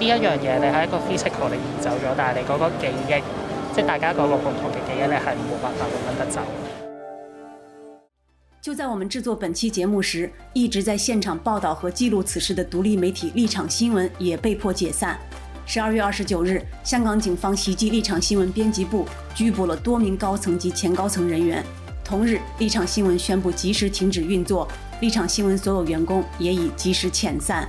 呢一樣嘢，你喺一個 physical 你移走咗，但係你嗰個記憶，即係大家嗰個共同嘅記憶，你係冇辦法搵得走。就在我們製作本期節目時，一直在現場報導和記錄此事嘅獨立媒體《立場新聞》也被迫解散。十二月二十九日，香港警方襲擊《立場新聞》編輯部，拘捕了多名高層及前高層人員。同日，《立場新聞》宣布即時停止運作，《立場新聞》所有員工也已即時遣散。